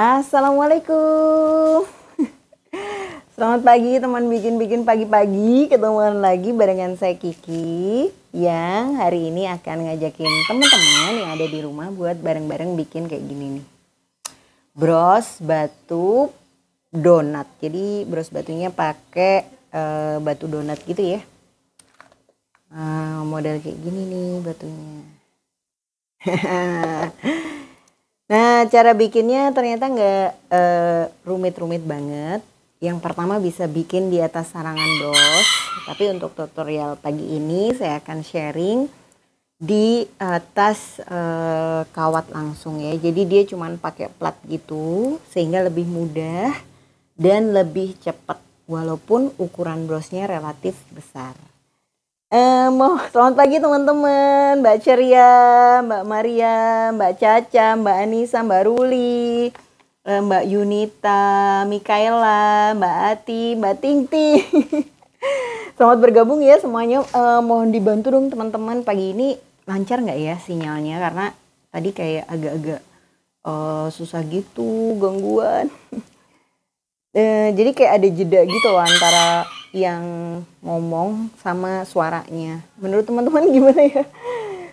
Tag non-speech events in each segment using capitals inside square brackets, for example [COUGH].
Assalamualaikum. [LAUGHS] Selamat pagi teman bikin-bikin pagi-pagi. ketemuan lagi barengan saya Kiki yang hari ini akan ngajakin teman-teman yang ada di rumah buat bareng-bareng bikin kayak gini nih. Bros batu donat. Jadi bros batunya pakai uh, batu donat gitu ya. Uh, model kayak gini nih batunya. [LAUGHS] Nah, cara bikinnya ternyata nggak uh, rumit-rumit banget. Yang pertama bisa bikin di atas sarangan bros. Tapi untuk tutorial pagi ini saya akan sharing di atas uh, kawat langsung ya. Jadi dia cuma pakai plat gitu sehingga lebih mudah dan lebih cepat walaupun ukuran brosnya relatif besar. Eh, mau selamat pagi teman-teman, Mbak Ceria, Mbak Maria, Mbak Caca, Mbak Anissa, Mbak Ruli, eh, Mbak Yunita, Mikaela, Mbak Ati, Mbak Tingti. [LAUGHS] selamat bergabung ya semuanya. Eh, mohon dibantu dong teman-teman pagi ini lancar nggak ya sinyalnya karena tadi kayak agak-agak uh, susah gitu gangguan. [LAUGHS] Eh, jadi kayak ada jeda gitu loh antara yang ngomong sama suaranya. Menurut teman-teman [LAUGHS] gimana ya?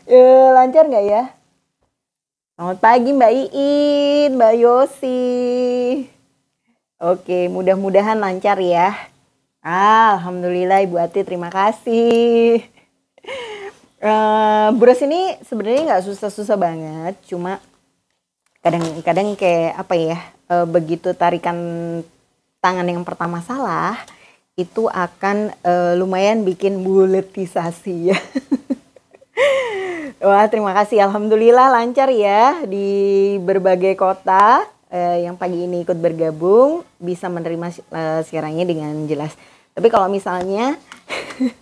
E, lancar nggak ya? Selamat pagi Mbak Iin, Mbak Yosi. Oke, mudah-mudahan lancar ya. Alhamdulillah Ibu Ati, terima kasih. E, eh, Bros ini sebenarnya nggak susah-susah banget, cuma kadang-kadang kayak apa ya, e, begitu tarikan tangan yang pertama salah, itu akan uh, lumayan bikin buletisasi ya. [LAUGHS] Wah, terima kasih. Alhamdulillah lancar ya di berbagai kota eh, yang pagi ini ikut bergabung bisa menerima eh, siarannya dengan jelas. Tapi kalau misalnya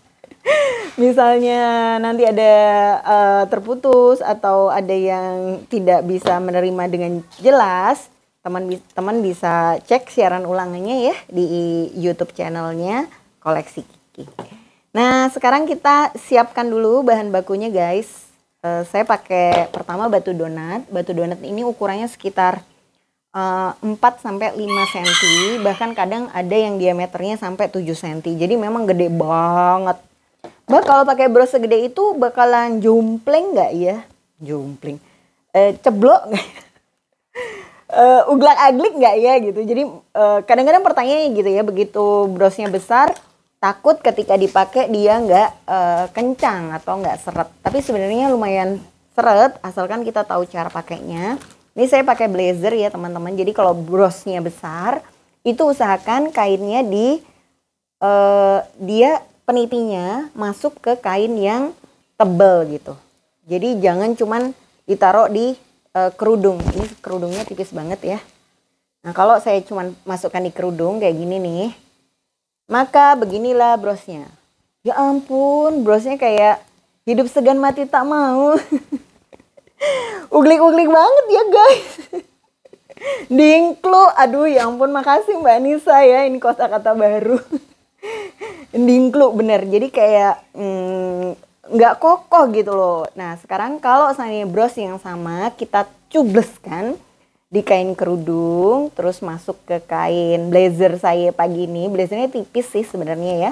[LAUGHS] misalnya nanti ada uh, terputus atau ada yang tidak bisa menerima dengan jelas, teman teman bisa cek siaran ulangannya ya di YouTube channelnya koleksi Kiki. Nah sekarang kita siapkan dulu bahan bakunya guys. Uh, saya pakai pertama batu donat. Batu donat ini ukurannya sekitar uh, eh, 4 sampai 5 cm, bahkan kadang ada yang diameternya sampai 7 cm. Jadi memang gede banget. Mbak kalau pakai bros segede itu bakalan jumpling nggak ya? Jumpling. Eh, ceblok nggak? uh, eh, uglak aglik nggak ya gitu jadi kadang eh, kadang-kadang pertanyaannya gitu ya begitu brosnya besar takut ketika dipakai dia nggak uh, kencang atau nggak seret tapi sebenarnya lumayan seret asalkan kita tahu cara pakainya ini saya pakai blazer ya teman-teman jadi kalau brosnya besar itu usahakan kainnya di uh, dia penitinya masuk ke kain yang tebel gitu jadi jangan cuman ditaruh di uh, kerudung. Ini kerudungnya tipis banget ya. Nah, kalau saya cuma masukkan di kerudung kayak gini nih, maka beginilah brosnya. Ya ampun, brosnya kayak hidup segan mati tak mau. [LAUGHS] Uglik-uglik banget ya guys. [LAUGHS] Dingklu, aduh ya ampun makasih Mbak Nisa ya, ini kosa kata baru. [LAUGHS] Dingklu bener, jadi kayak hmm, nggak kokoh gitu loh. Nah sekarang kalau seandainya bros yang sama kita cubles kan di kain kerudung, terus masuk ke kain blazer saya pagi ini. Blazernya tipis sih sebenarnya ya.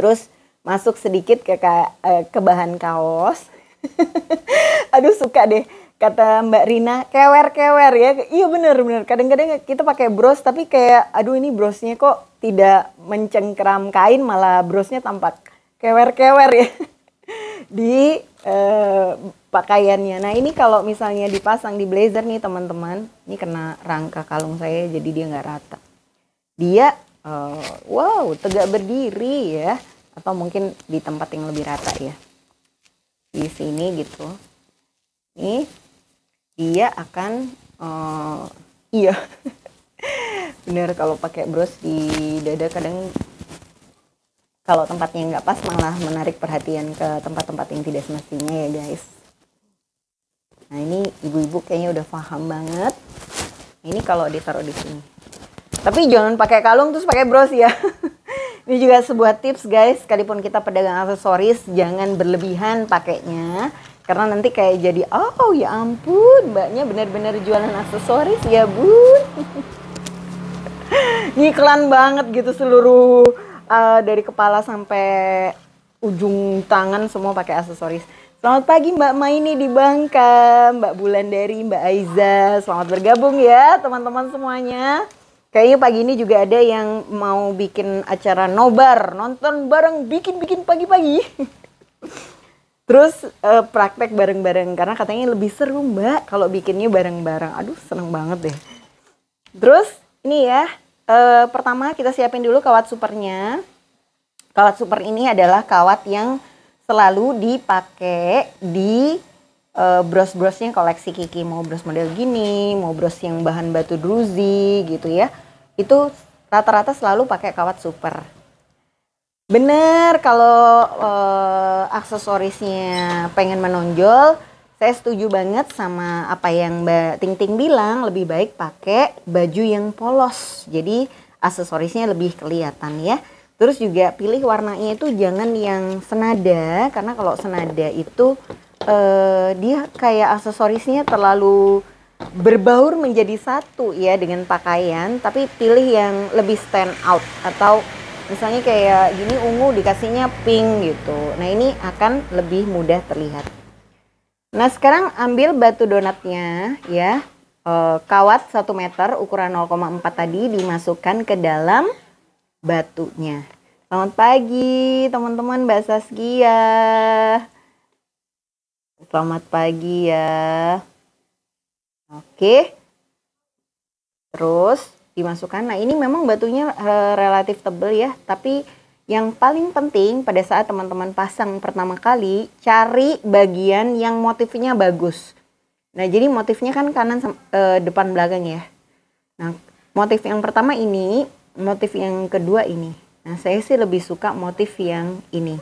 Terus masuk sedikit ke ka, eh, ke bahan kaos. [LAUGHS] Aduh suka deh kata Mbak Rina kewer-kewer ya. Iya bener-bener kadang-kadang kita pakai bros tapi kayak aduh ini brosnya kok tidak mencengkeram kain malah brosnya tampak kewer-kewer ya. [LAUGHS] [LAUGHS] di uh, pakaiannya. Nah ini kalau misalnya dipasang di blazer nih teman-teman, ini kena rangka kalung saya jadi dia nggak rata. Dia uh, wow tegak berdiri ya, atau mungkin di tempat yang lebih rata ya. Di sini gitu. Ini dia akan uh, iya [LAUGHS] bener kalau pakai bros di dada kadang kalau tempatnya nggak pas malah menarik perhatian ke tempat-tempat yang tidak semestinya ya guys nah ini ibu-ibu kayaknya udah paham banget ini kalau ditaruh di sini tapi jangan pakai kalung terus pakai bros ya [LAUGHS] ini juga sebuah tips guys sekalipun kita pedagang aksesoris jangan berlebihan pakainya karena nanti kayak jadi oh ya ampun mbaknya benar-benar jualan aksesoris ya bun [LAUGHS] ngiklan banget gitu seluruh uh, dari kepala sampai ujung tangan semua pakai aksesoris. Selamat pagi Mbak Maini di Bangka, Mbak Bulan dari Mbak Aiza. Selamat bergabung ya teman-teman semuanya. Kayaknya pagi ini juga ada yang mau bikin acara nobar, nonton bareng bikin-bikin pagi-pagi. [LAUGHS] Terus uh, praktek bareng-bareng karena katanya lebih seru Mbak kalau bikinnya bareng-bareng. Aduh, seneng banget deh. Terus ini ya, e, pertama kita siapin dulu kawat supernya. Kawat super ini adalah kawat yang selalu dipakai di e, eh, bros-brosnya koleksi Kiki. Mau bros model gini, mau bros yang bahan batu druzi gitu ya. Itu rata-rata selalu pakai kawat super. Bener kalau e, aksesorisnya pengen menonjol, saya setuju banget sama apa yang Mbak Ting Ting bilang, lebih baik pakai baju yang polos. Jadi aksesorisnya lebih kelihatan ya. Terus juga pilih warnanya itu jangan yang senada karena kalau senada itu eh, dia kayak aksesorisnya terlalu berbaur menjadi satu ya dengan pakaian, tapi pilih yang lebih stand out atau misalnya kayak gini ungu dikasihnya pink gitu. Nah, ini akan lebih mudah terlihat. Nah sekarang ambil batu donatnya ya. E, kawat 1 meter ukuran 0,4 tadi dimasukkan ke dalam batunya. Selamat pagi teman-teman Mbak Saskia. Selamat pagi ya. Oke. Terus dimasukkan. Nah ini memang batunya eh, relatif tebal ya. Tapi yang paling penting pada saat teman-teman pasang pertama kali, cari bagian yang motifnya bagus. Nah, jadi motifnya kan kanan e, depan belakang ya. Nah, motif yang pertama ini, motif yang kedua ini. Nah, saya sih lebih suka motif yang ini.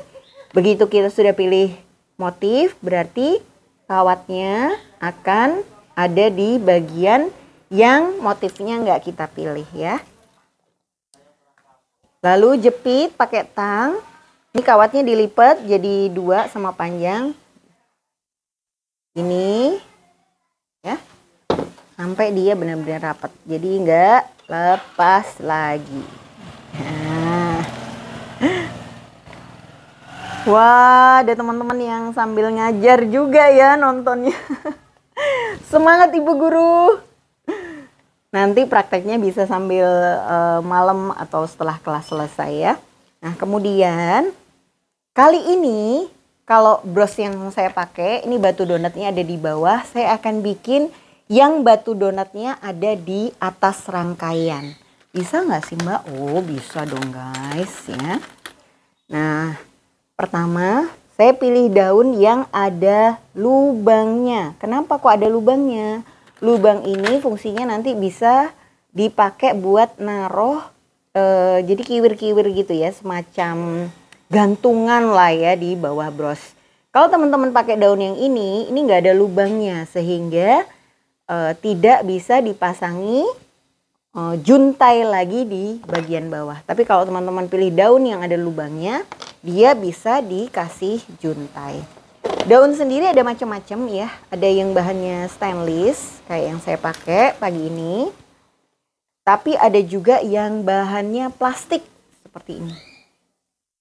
Begitu kita sudah pilih motif, berarti kawatnya akan ada di bagian yang motifnya nggak kita pilih ya. Lalu jepit pakai tang. Ini kawatnya dilipat jadi dua sama panjang. Ini ya sampai dia benar-benar rapat. Jadi enggak lepas lagi. Nah. [LAUGHS] Wah, ada teman-teman yang sambil ngajar juga ya nontonnya. [LAUGHS] Semangat Ibu Guru. Nanti prakteknya bisa sambil uh, malam atau setelah kelas selesai ya. Nah, kemudian kali ini kalau bros yang saya pakai, ini batu donatnya ada di bawah, saya akan bikin yang batu donatnya ada di atas rangkaian. Bisa nggak sih mbak? Oh bisa dong guys ya. Nah pertama saya pilih daun yang ada lubangnya. Kenapa kok ada lubangnya? lubang ini fungsinya nanti bisa dipakai buat naruh e, jadi kiwir-kiwir gitu ya semacam gantungan lah ya di bawah bros. Kalau teman-teman pakai daun yang ini, ini nggak ada lubangnya sehingga e, tidak bisa dipasangi e, juntai lagi di bagian bawah. Tapi kalau teman-teman pilih daun yang ada lubangnya, dia bisa dikasih juntai. Daun sendiri ada macam-macam ya. Ada yang bahannya stainless kayak yang saya pakai pagi ini. Tapi ada juga yang bahannya plastik seperti ini.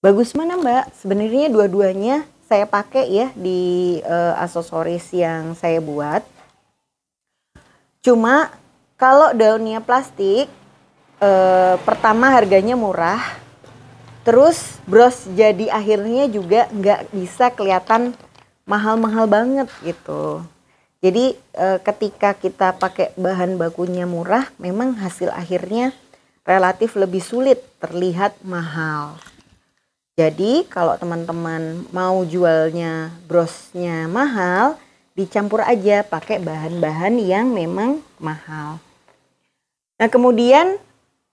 Bagus mana Mbak? Sebenarnya dua-duanya saya pakai ya di uh, aksesoris yang saya buat. Cuma kalau daunnya plastik, uh, pertama harganya murah. Terus bros jadi akhirnya juga nggak bisa kelihatan mahal-mahal banget gitu. Jadi e, ketika kita pakai bahan bakunya murah, memang hasil akhirnya relatif lebih sulit terlihat mahal. Jadi kalau teman-teman mau jualnya brosnya mahal, dicampur aja pakai bahan-bahan yang memang mahal. Nah kemudian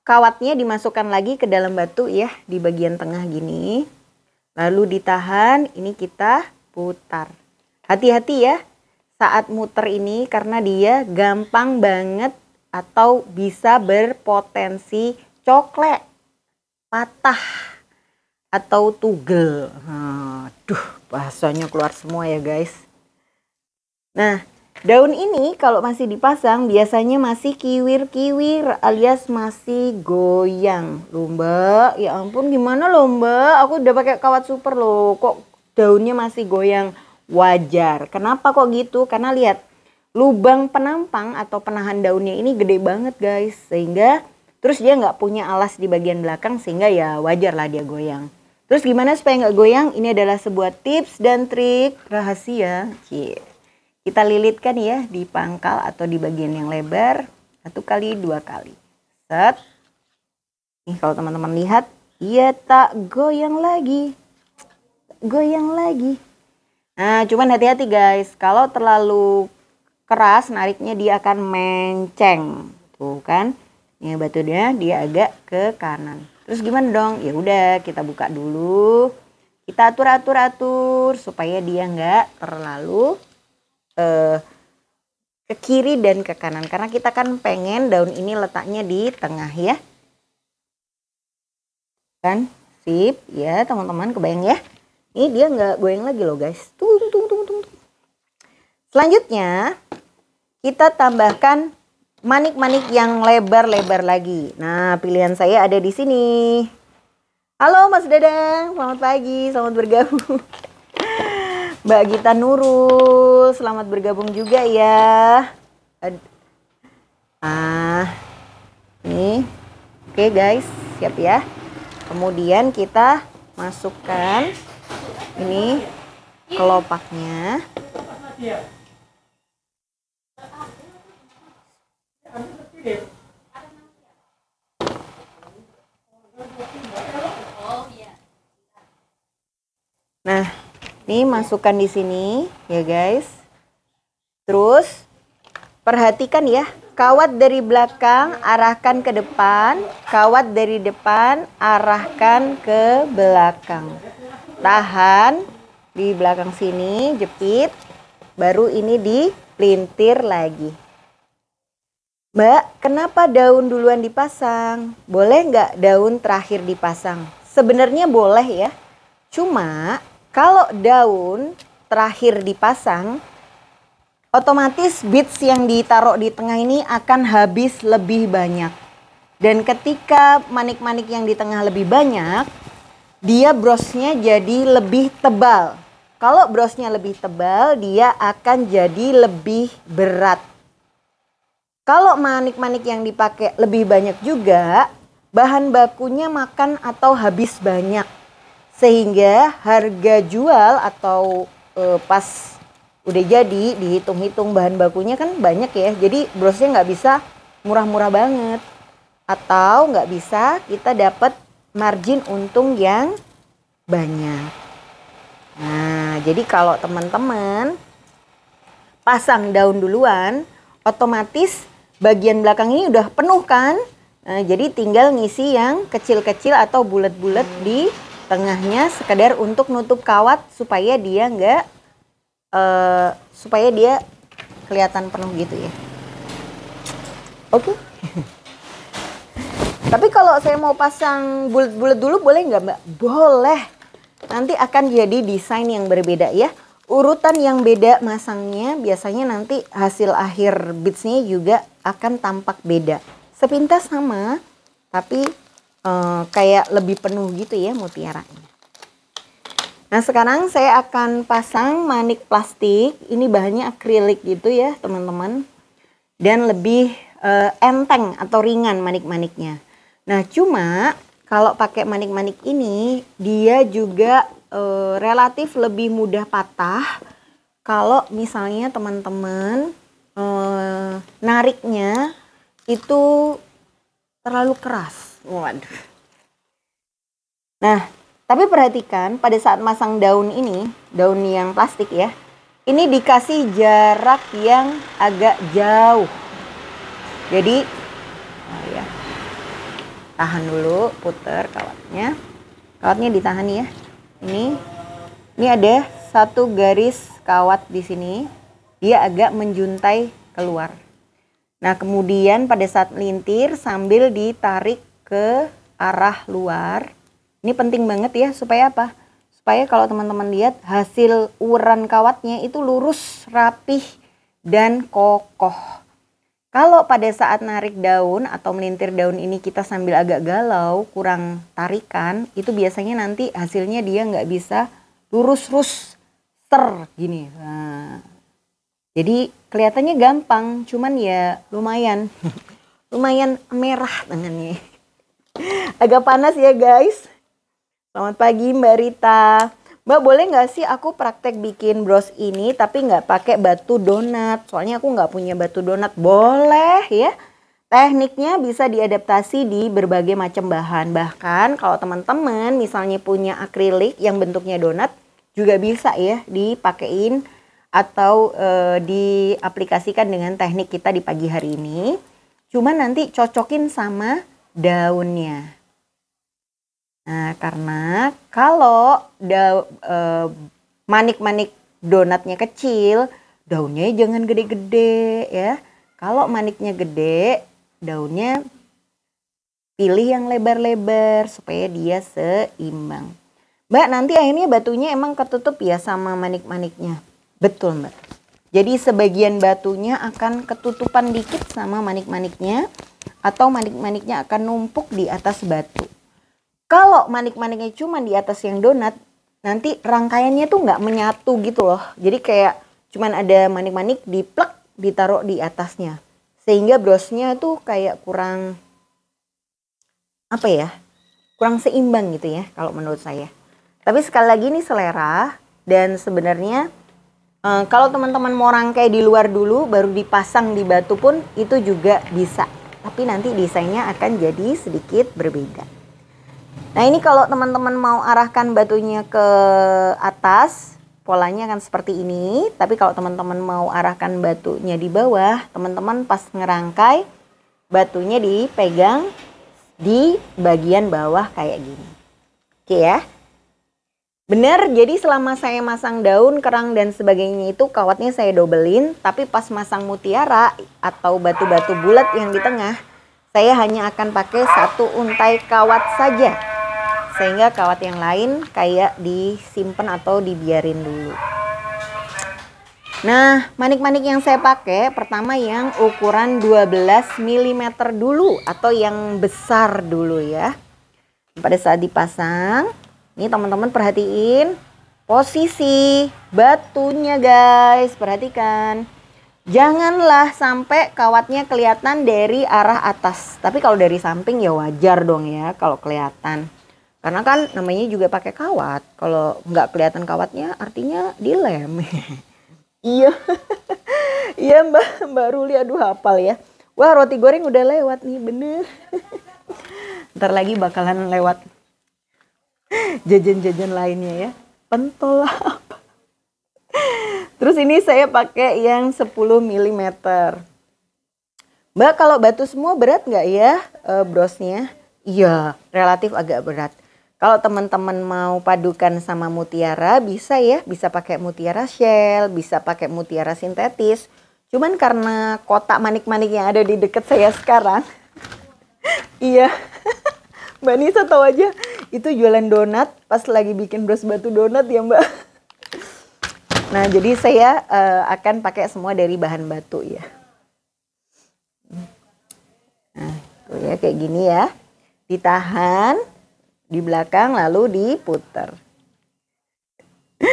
kawatnya dimasukkan lagi ke dalam batu ya di bagian tengah gini. Lalu ditahan, ini kita putar. Hati-hati ya saat muter ini karena dia gampang banget atau bisa berpotensi coklat, patah, atau tugel. Aduh, nah, bahasanya keluar semua ya guys. Nah, daun ini kalau masih dipasang biasanya masih kiwir-kiwir alias masih goyang. Lomba, ya ampun gimana lomba? Aku udah pakai kawat super loh, kok daunnya masih goyang wajar. Kenapa kok gitu? Karena lihat lubang penampang atau penahan daunnya ini gede banget guys sehingga terus dia nggak punya alas di bagian belakang sehingga ya wajar lah dia goyang. Terus gimana supaya nggak goyang? Ini adalah sebuah tips dan trik rahasia. Kita lilitkan ya di pangkal atau di bagian yang lebar satu kali dua kali. Set. Nih kalau teman-teman lihat, ia tak goyang lagi goyang lagi. Nah, cuman hati-hati guys, kalau terlalu keras nariknya dia akan menceng. Tuh kan, ini batunya dia agak ke kanan. Terus gimana dong? Ya udah, kita buka dulu. Kita atur-atur-atur supaya dia nggak terlalu eh, ke kiri dan ke kanan. Karena kita kan pengen daun ini letaknya di tengah ya. Kan? Sip, ya teman-teman kebayang ya. Ini dia nggak goyang lagi loh guys. Tung tung tung tung tung. Selanjutnya kita tambahkan manik-manik yang lebar-lebar lagi. Nah, pilihan saya ada di sini. Halo Mas Dadang, selamat pagi, selamat bergabung. [LAUGHS] Mbak Gita Nurul, selamat bergabung juga ya. Ah, ini, oke guys, siap ya. Kemudian kita masukkan ini kelopaknya nah ini masukkan di sini ya guys terus perhatikan ya kawat dari belakang arahkan ke depan kawat dari depan arahkan ke belakang tahan di belakang sini jepit baru ini di pelintir lagi Mbak, kenapa daun duluan dipasang? Boleh nggak daun terakhir dipasang? Sebenarnya boleh ya. Cuma kalau daun terakhir dipasang, otomatis bits yang ditaruh di tengah ini akan habis lebih banyak. Dan ketika manik-manik yang di tengah lebih banyak, dia brosnya jadi lebih tebal. Kalau brosnya lebih tebal, dia akan jadi lebih berat. Kalau manik-manik yang dipakai lebih banyak juga, bahan bakunya makan atau habis banyak. Sehingga harga jual atau e, pas udah jadi dihitung-hitung bahan bakunya kan banyak ya. Jadi brosnya nggak bisa murah-murah banget. Atau nggak bisa kita dapat margin untung yang banyak. Nah, jadi kalau teman-teman pasang daun duluan, otomatis bagian belakang ini udah penuh kan? Nah, jadi tinggal ngisi yang kecil-kecil atau bulat-bulat di tengahnya sekedar untuk nutup kawat supaya dia nggak uh, supaya dia kelihatan penuh gitu ya. Oke. Okay. [LAUGHS] Tapi kalau saya mau pasang bulat-bulat dulu boleh nggak Mbak? Boleh. Nanti akan jadi desain yang berbeda ya. Urutan yang beda masangnya biasanya nanti hasil akhir beadsnya juga akan tampak beda. Sepintas sama, tapi e, kayak lebih penuh gitu ya mutiaranya. Nah sekarang saya akan pasang manik plastik. Ini bahannya akrilik gitu ya teman-teman. Dan lebih e, enteng atau ringan manik-maniknya. Nah, cuma kalau pakai manik-manik ini dia juga e, relatif lebih mudah patah kalau misalnya teman-teman e, nariknya itu terlalu keras. Waduh. Nah, tapi perhatikan pada saat masang daun ini, daun yang plastik ya. Ini dikasih jarak yang agak jauh. Jadi, oh ya tahan dulu puter kawatnya kawatnya ditahan ya ini ini ada satu garis kawat di sini dia agak menjuntai keluar nah kemudian pada saat lintir sambil ditarik ke arah luar ini penting banget ya supaya apa supaya kalau teman-teman lihat hasil uran kawatnya itu lurus rapih dan kokoh kalau pada saat narik daun atau melintir daun ini kita sambil agak galau, kurang tarikan, itu biasanya nanti hasilnya dia nggak bisa lurus-lurus ter gini. Nah, jadi kelihatannya gampang, cuman ya lumayan, [LAUGHS] lumayan merah tangannya. [LAUGHS] Agak panas ya guys. Selamat pagi Mbak Rita. Mbak boleh nggak sih aku praktek bikin bros ini tapi nggak pakai batu donat? Soalnya aku nggak punya batu donat. Boleh ya. Tekniknya bisa diadaptasi di berbagai macam bahan. Bahkan kalau teman-teman misalnya punya akrilik yang bentuknya donat juga bisa ya dipakein atau e, diaplikasikan dengan teknik kita di pagi hari ini. Cuma nanti cocokin sama daunnya. Nah, karena kalau da, e, manik-manik donatnya kecil, daunnya jangan gede-gede ya. Kalau maniknya gede, daunnya pilih yang lebar-lebar supaya dia seimbang. Mbak, nanti akhirnya batunya emang ketutup ya sama manik-maniknya. Betul, Mbak. Jadi sebagian batunya akan ketutupan dikit sama manik-maniknya atau manik-maniknya akan numpuk di atas batu. Kalau manik-maniknya cuma di atas yang donat, nanti rangkaiannya tuh nggak menyatu gitu loh. Jadi kayak cuma ada manik-manik diplek ditaruh di atasnya. Sehingga brosnya tuh kayak kurang apa ya? Kurang seimbang gitu ya kalau menurut saya. Tapi sekali lagi ini selera dan sebenarnya Uh, kalau teman-teman mau rangkai di luar dulu, baru dipasang di batu pun itu juga bisa. Tapi nanti desainnya akan jadi sedikit berbeda. Nah ini kalau teman-teman mau arahkan batunya ke atas, polanya akan seperti ini. Tapi kalau teman-teman mau arahkan batunya di bawah, teman-teman pas ngerangkai, batunya dipegang di bagian bawah kayak gini. Oke ya. Benar, jadi selama saya masang daun, kerang, dan sebagainya itu kawatnya saya dobelin, tapi pas masang mutiara atau batu-batu bulat yang di tengah, saya hanya akan pakai satu untai kawat saja sehingga kawat yang lain kayak disimpan atau dibiarin dulu Nah, manik-manik yang saya pakai pertama yang ukuran 12 mm dulu atau yang besar dulu ya. Pada saat dipasang, ini teman-teman perhatiin posisi batunya guys, perhatikan. Janganlah sampai kawatnya kelihatan dari arah atas. Tapi kalau dari samping ya wajar dong ya kalau kelihatan. Karena kan namanya juga pakai kawat. Kalau nggak kelihatan kawatnya artinya dilem. [LAUGHS] iya. [LAUGHS] iya Mbak, Mbak Ruli aduh hafal ya. Wah roti goreng udah lewat nih bener. [LAUGHS] Ntar lagi bakalan lewat jajan-jajan lainnya ya. Pentol apa? Terus ini saya pakai yang 10 mm. Mbak kalau batu semua berat nggak ya e, brosnya? Iya, relatif agak berat. Kalau teman-teman mau padukan sama mutiara bisa ya, bisa pakai mutiara shell, bisa pakai mutiara sintetis. Cuman karena kotak manik-manik yang ada di dekat saya sekarang, [LAUGHS] iya, [LAUGHS] Mbak Nisa tahu aja itu jualan donat pas lagi bikin bros batu donat ya Mbak. [LAUGHS] Nah jadi saya uh, akan pakai semua dari bahan batu ya. Nah, tuh ya kayak gini ya, ditahan di belakang lalu diputer. [LAUGHS]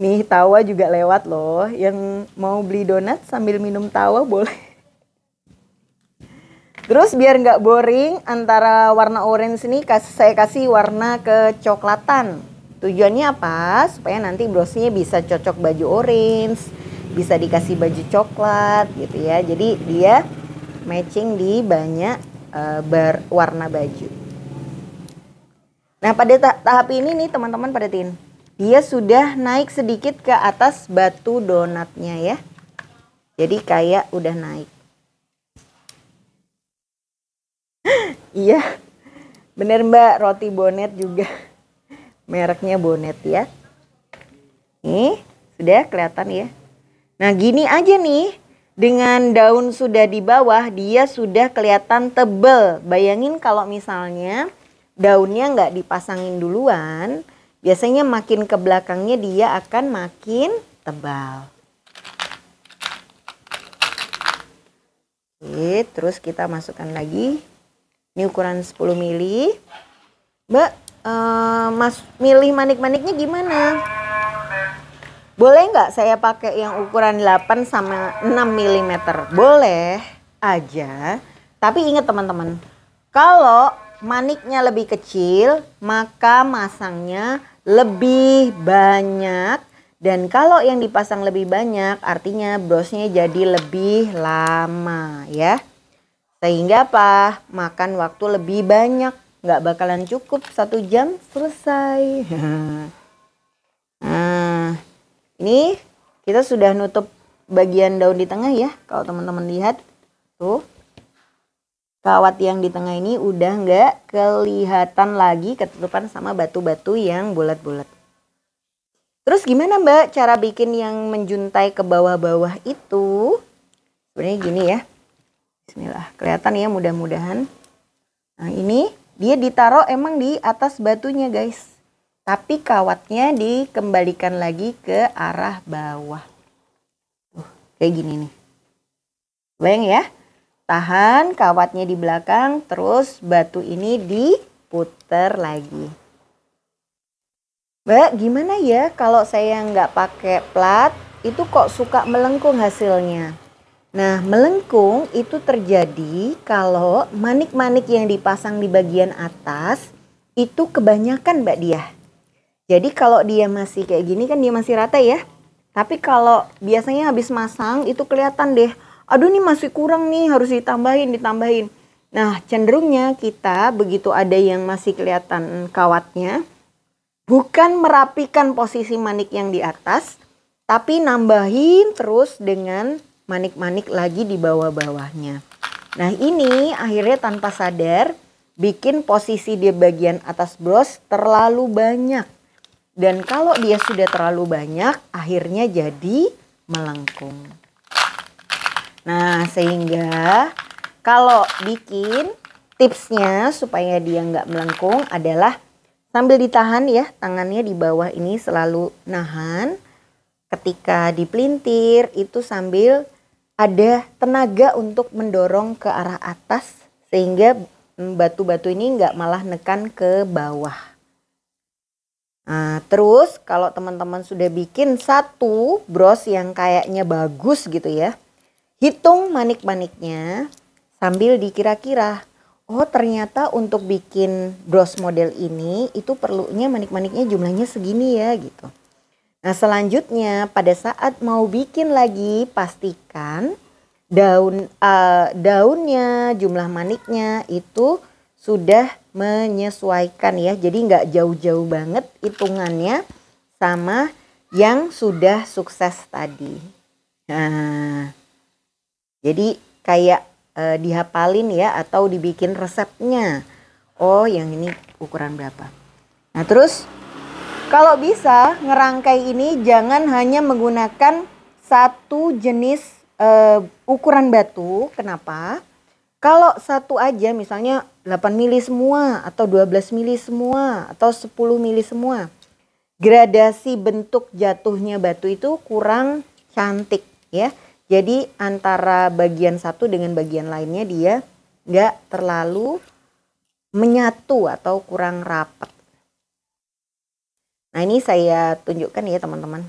Nih tawa juga lewat loh. Yang mau beli donat sambil minum tawa boleh. Terus biar nggak boring antara warna orange ini saya kasih warna kecoklatan. Tujuannya apa? Supaya nanti brosnya bisa cocok baju orange, bisa dikasih baju coklat gitu ya. Jadi dia matching di banyak Eh, berwarna baju. Nah pada tahap ini nih teman-teman pada tin, dia sudah naik sedikit ke atas batu donatnya ya. Jadi kayak udah naik. [LAUGHS] iya, bener mbak roti bonet juga. Mereknya bonet ya. Nih, sudah kelihatan ya. Nah gini aja nih, dengan daun sudah di bawah dia sudah kelihatan tebel. Bayangin kalau misalnya daunnya nggak dipasangin duluan, biasanya makin ke belakangnya dia akan makin tebal. Oke, terus kita masukkan lagi. Ini ukuran 10 mili. Mbak, uh, mas milih manik-maniknya gimana? Boleh nggak saya pakai yang ukuran 8 sama 6 mm? Boleh aja. Tapi ingat teman-teman, kalau maniknya lebih kecil, maka masangnya lebih banyak. Dan kalau yang dipasang lebih banyak, artinya brosnya jadi lebih lama ya. Sehingga apa? Makan waktu lebih banyak. Nggak bakalan cukup satu jam selesai. [LAUGHS] Ini kita sudah nutup bagian daun di tengah ya. Kalau teman-teman lihat tuh kawat yang di tengah ini udah nggak kelihatan lagi ketutupan sama batu-batu yang bulat-bulat. Terus gimana Mbak cara bikin yang menjuntai ke bawah-bawah itu? Sebenarnya gini ya. Bismillah. Kelihatan ya mudah-mudahan. Nah ini dia ditaruh emang di atas batunya guys. Tapi kawatnya dikembalikan lagi ke arah bawah. Tuh, kayak gini nih. Bayang ya. Tahan kawatnya di belakang, terus batu ini diputer lagi. Mbak, gimana ya kalau saya nggak pakai plat, itu kok suka melengkung hasilnya? Nah, melengkung itu terjadi kalau manik-manik yang dipasang di bagian atas itu kebanyakan Mbak Diah. Jadi kalau dia masih kayak gini kan dia masih rata ya. Tapi kalau biasanya habis masang itu kelihatan deh, aduh ini masih kurang nih harus ditambahin, ditambahin. Nah cenderungnya kita begitu ada yang masih kelihatan kawatnya, bukan merapikan posisi manik yang di atas, tapi nambahin terus dengan manik-manik lagi di bawah-bawahnya. Nah ini akhirnya tanpa sadar bikin posisi di bagian atas bros terlalu banyak dan kalau dia sudah terlalu banyak, akhirnya jadi melengkung. Nah, sehingga kalau bikin tipsnya supaya dia nggak melengkung adalah sambil ditahan ya, tangannya di bawah ini selalu nahan. Ketika dipelintir itu sambil ada tenaga untuk mendorong ke arah atas sehingga batu-batu ini nggak malah nekan ke bawah. Nah, terus kalau teman-teman sudah bikin satu bros yang kayaknya bagus gitu ya. Hitung manik-maniknya sambil dikira-kira. Oh ternyata untuk bikin bros model ini itu perlunya manik-maniknya jumlahnya segini ya gitu. Nah selanjutnya pada saat mau bikin lagi pastikan daun uh, daunnya jumlah maniknya itu sudah menyesuaikan ya. Jadi nggak jauh-jauh banget hitungannya sama yang sudah sukses tadi. Nah, jadi kayak e, dihafalin ya atau dibikin resepnya. Oh, yang ini ukuran berapa? Nah, terus kalau bisa ngerangkai ini jangan hanya menggunakan satu jenis e, ukuran batu. Kenapa? Kalau satu aja misalnya 8 mili semua atau 12 mili semua atau 10 mili semua. Gradasi bentuk jatuhnya batu itu kurang cantik ya. Jadi antara bagian satu dengan bagian lainnya dia nggak terlalu menyatu atau kurang rapat. Nah ini saya tunjukkan ya teman-teman.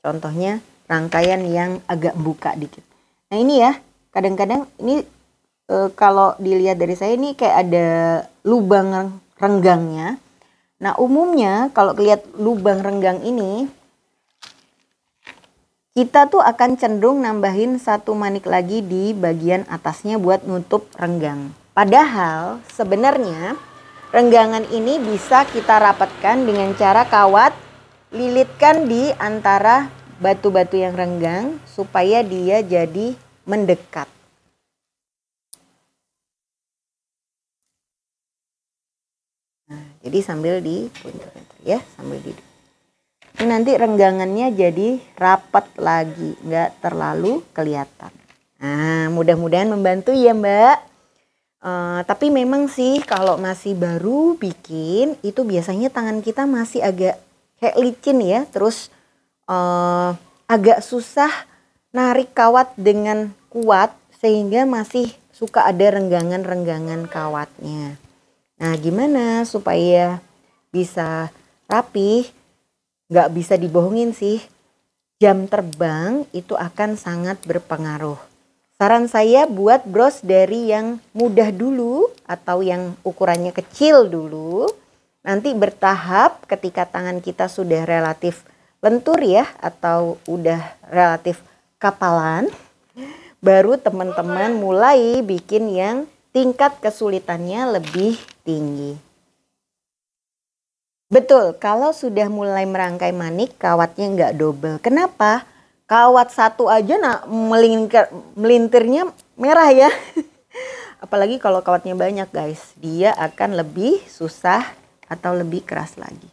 Contohnya rangkaian yang agak buka dikit. Nah ini ya kadang-kadang ini Eh, kalau dilihat dari saya ini kayak ada lubang renggangnya. Nah, umumnya kalau lihat lubang renggang ini kita tuh akan cenderung nambahin satu manik lagi di bagian atasnya buat nutup renggang. Padahal sebenarnya renggangan ini bisa kita rapatkan dengan cara kawat lilitkan di antara batu-batu yang renggang supaya dia jadi mendekat. jadi sambil di bentur ya sambil di ini nanti renggangannya jadi rapat lagi nggak terlalu kelihatan nah mudah-mudahan membantu ya mbak Uh, tapi memang sih kalau masih baru bikin itu biasanya tangan kita masih agak kayak licin ya, terus uh, agak susah narik kawat dengan kuat sehingga masih suka ada renggangan-renggangan kawatnya. Nah, gimana supaya bisa rapih? Nggak bisa dibohongin sih. Jam terbang itu akan sangat berpengaruh. Saran saya buat bros dari yang mudah dulu atau yang ukurannya kecil dulu. Nanti bertahap ketika tangan kita sudah relatif lentur ya atau udah relatif kapalan. Baru teman-teman mulai bikin yang tingkat kesulitannya lebih tinggi. Betul, kalau sudah mulai merangkai manik, kawatnya nggak double. Kenapa? Kawat satu aja nah, melingkar, melintirnya merah ya. [LAUGHS] Apalagi kalau kawatnya banyak guys, dia akan lebih susah atau lebih keras lagi.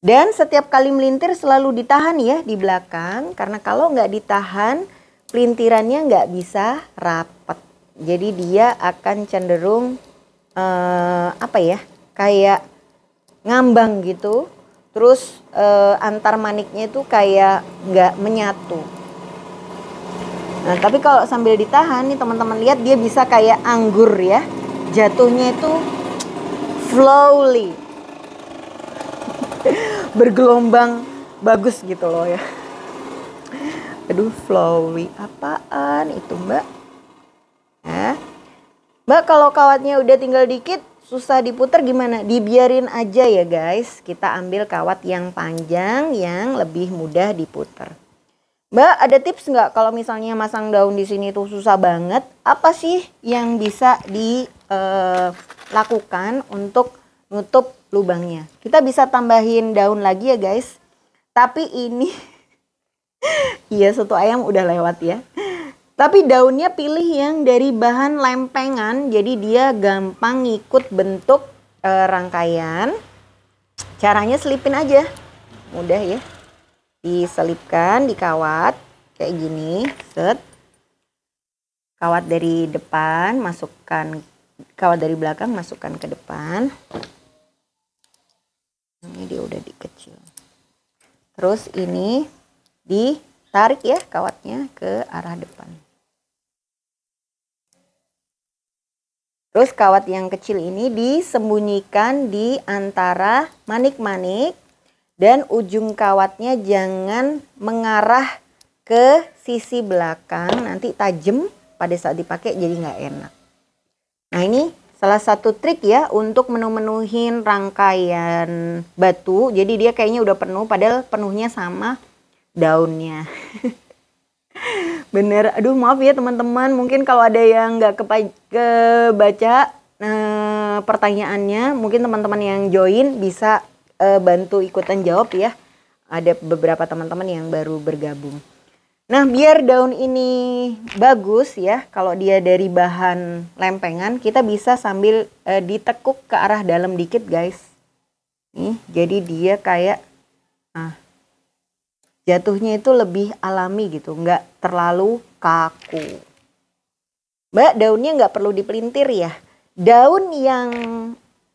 Dan setiap kali melintir selalu ditahan ya di belakang, karena kalau nggak ditahan, pelintirannya nggak bisa rapat. Jadi dia akan cenderung uh, apa ya? Kayak ngambang gitu. Terus uh, antar maniknya itu kayak nggak menyatu. Nah, tapi kalau sambil ditahan nih teman-teman lihat dia bisa kayak anggur ya. Jatuhnya itu flowly. [LAUGHS] Bergelombang bagus gitu loh ya. Aduh, flowy apaan itu, Mbak? Nah, Mbak kalau kawatnya udah tinggal dikit susah diputer gimana? Dibiarin aja ya guys. Kita ambil kawat yang panjang yang lebih mudah diputer. Mbak ada tips nggak kalau misalnya masang daun di sini tuh susah banget? Apa sih yang bisa dilakukan eh, untuk nutup lubangnya? Kita bisa tambahin daun lagi ya guys. Tapi ini, [LAUGHS] iya soto ayam udah lewat ya. Tapi daunnya pilih yang dari bahan lempengan, jadi dia gampang ikut bentuk e, rangkaian. Caranya selipin aja, mudah ya. Diselipkan, dikawat kayak gini, set. Kawat dari depan, masukkan kawat dari belakang, masukkan ke depan. Ini dia udah dikecil. Terus ini ditarik ya kawatnya ke arah depan. Terus kawat yang kecil ini disembunyikan di antara manik-manik dan ujung kawatnya jangan mengarah ke sisi belakang nanti tajam pada saat dipakai jadi nggak enak. Nah ini salah satu trik ya untuk menu-menuhin rangkaian batu. Jadi dia kayaknya udah penuh padahal penuhnya sama daunnya. [LAUGHS] bener aduh maaf ya teman-teman mungkin kalau ada yang nggak kebaca e, pertanyaannya mungkin teman-teman yang join bisa e, bantu ikutan jawab ya ada beberapa teman-teman yang baru bergabung nah biar daun ini bagus ya kalau dia dari bahan lempengan kita bisa sambil e, ditekuk ke arah dalam dikit guys nih jadi dia kayak ah jatuhnya itu lebih alami gitu, nggak terlalu kaku. Mbak, daunnya nggak perlu dipelintir ya. Daun yang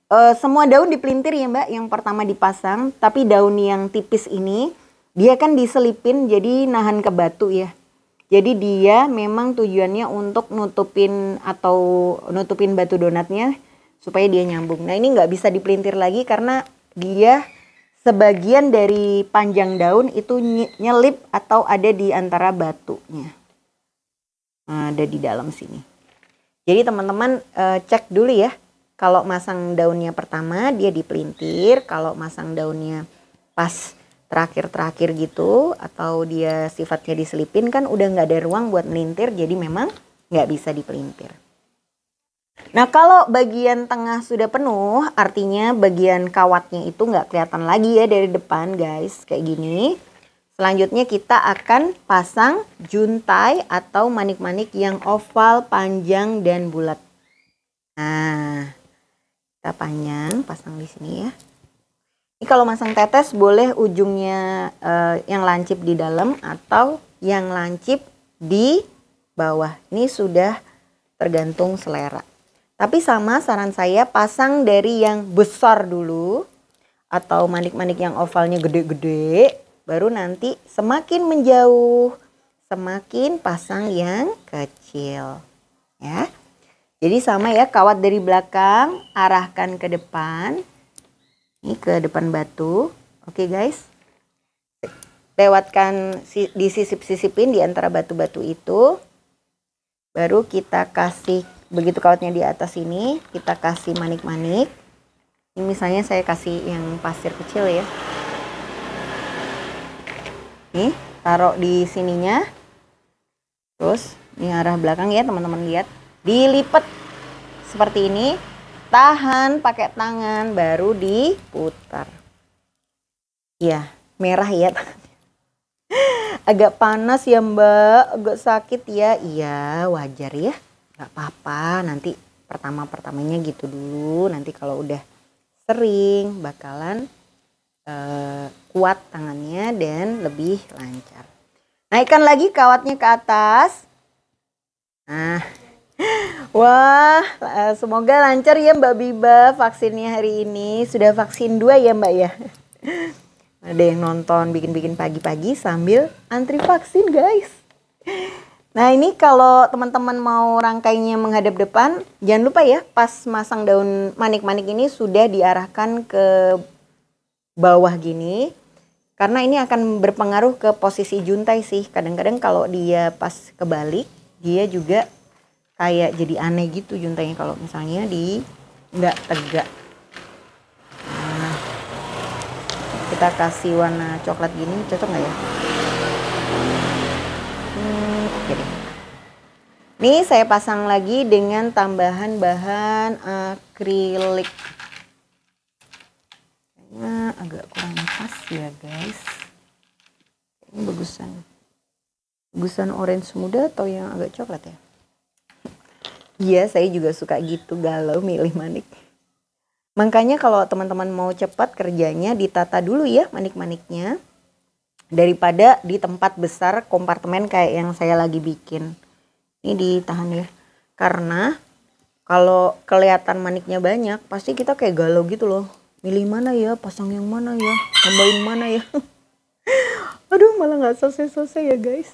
e, semua daun dipelintir ya Mbak, yang pertama dipasang, tapi daun yang tipis ini dia kan diselipin jadi nahan ke batu ya. Jadi dia memang tujuannya untuk nutupin atau nutupin batu donatnya supaya dia nyambung. Nah ini nggak bisa dipelintir lagi karena dia sebagian dari panjang daun itu nyelip atau ada di antara batunya. Nah, ada di dalam sini. Jadi teman-teman e, cek dulu ya. Kalau masang daunnya pertama dia dipelintir, kalau masang daunnya pas terakhir-terakhir gitu atau dia sifatnya diselipin kan udah nggak ada ruang buat melintir jadi memang nggak bisa dipelintir. Nah kalau bagian tengah sudah penuh, artinya bagian kawatnya itu nggak kelihatan lagi ya dari depan guys, kayak gini. Selanjutnya kita akan pasang juntai atau manik-manik yang oval, panjang, dan bulat. Nah, kita panjang, pasang di sini ya. Ini kalau masang tetes boleh ujungnya eh, yang lancip di dalam atau yang lancip di bawah. Ini sudah tergantung selera. Tapi sama saran saya pasang dari yang besar dulu atau manik-manik yang ovalnya gede-gede baru nanti semakin menjauh semakin pasang yang kecil ya. Jadi sama ya kawat dari belakang arahkan ke depan. Ini ke depan batu. Oke guys. Lewatkan disisip-sisipin di antara batu-batu itu. Baru kita kasih begitu kawatnya di atas ini kita kasih manik-manik ini misalnya saya kasih yang pasir kecil ya ini taruh di sininya terus ini arah belakang ya teman-teman lihat dilipet seperti ini tahan pakai tangan baru diputar ya merah ya [LAUGHS] agak panas ya mbak agak sakit ya iya wajar ya nggak apa-apa nanti pertama-pertamanya gitu dulu nanti kalau udah sering bakalan uh, kuat tangannya dan lebih lancar naikkan lagi kawatnya ke atas nah [LAUGHS] Wah, eh, semoga lancar ya Mbak Biba vaksinnya hari ini. Sudah vaksin dua ya Mbak ya? [LAUGHS] Ada yang nonton bikin-bikin pagi-pagi sambil antri vaksin guys. Nah ini kalau teman-teman mau rangkainya menghadap depan, jangan lupa ya pas masang daun manik-manik ini sudah diarahkan ke bawah gini. Karena ini akan berpengaruh ke posisi juntai sih. Kadang-kadang kalau dia pas kebalik, dia juga kayak jadi aneh gitu juntainya kalau misalnya di nggak tegak. Nah, kita kasih warna coklat gini cocok nggak ya? Ini saya pasang lagi dengan tambahan bahan akrilik. Eh, Kayaknya agak kurang pas ya guys. Ini bagusan. Bagusan orange muda atau yang agak coklat ya? Iya saya juga suka gitu galau milih manik. Makanya kalau teman-teman mau cepat kerjanya ditata dulu ya manik-maniknya. Daripada di tempat besar kompartemen kayak yang saya lagi bikin ini ditahan ya karena kalau kelihatan maniknya banyak pasti kita kayak galau gitu loh milih mana ya pasang yang mana ya tambahin mana ya [LAUGHS] aduh malah nggak selesai-selesai ya guys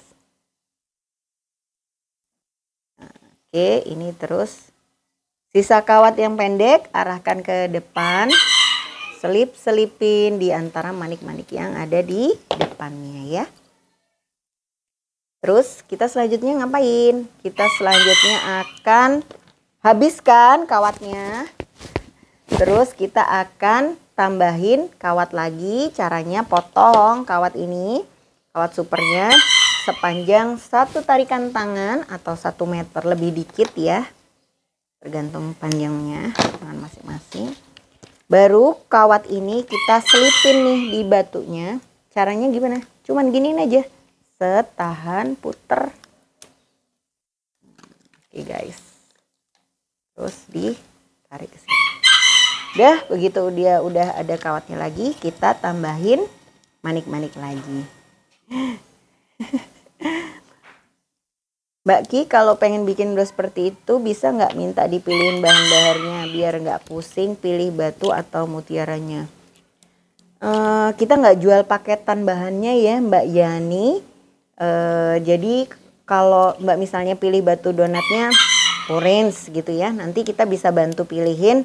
oke ini terus sisa kawat yang pendek arahkan ke depan selip-selipin di antara manik-manik yang ada di depannya ya Terus kita selanjutnya ngapain? Kita selanjutnya akan habiskan kawatnya. Terus kita akan tambahin kawat lagi. Caranya potong kawat ini, kawat supernya sepanjang satu tarikan tangan atau satu meter lebih dikit ya. Tergantung panjangnya tangan masing-masing. Baru kawat ini kita selipin nih di batunya. Caranya gimana? Cuman gini aja set tahan puter oke guys terus di tarik ke sini udah begitu dia udah ada kawatnya lagi kita tambahin manik-manik lagi [LAUGHS] Mbak Ki kalau pengen bikin bro seperti itu bisa nggak minta dipilihin bahan bahannya biar nggak pusing pilih batu atau mutiaranya. Uh, kita nggak jual paketan bahannya ya Mbak Yani. Uh, jadi kalau Mbak misalnya pilih batu donatnya orange gitu ya, nanti kita bisa bantu pilihin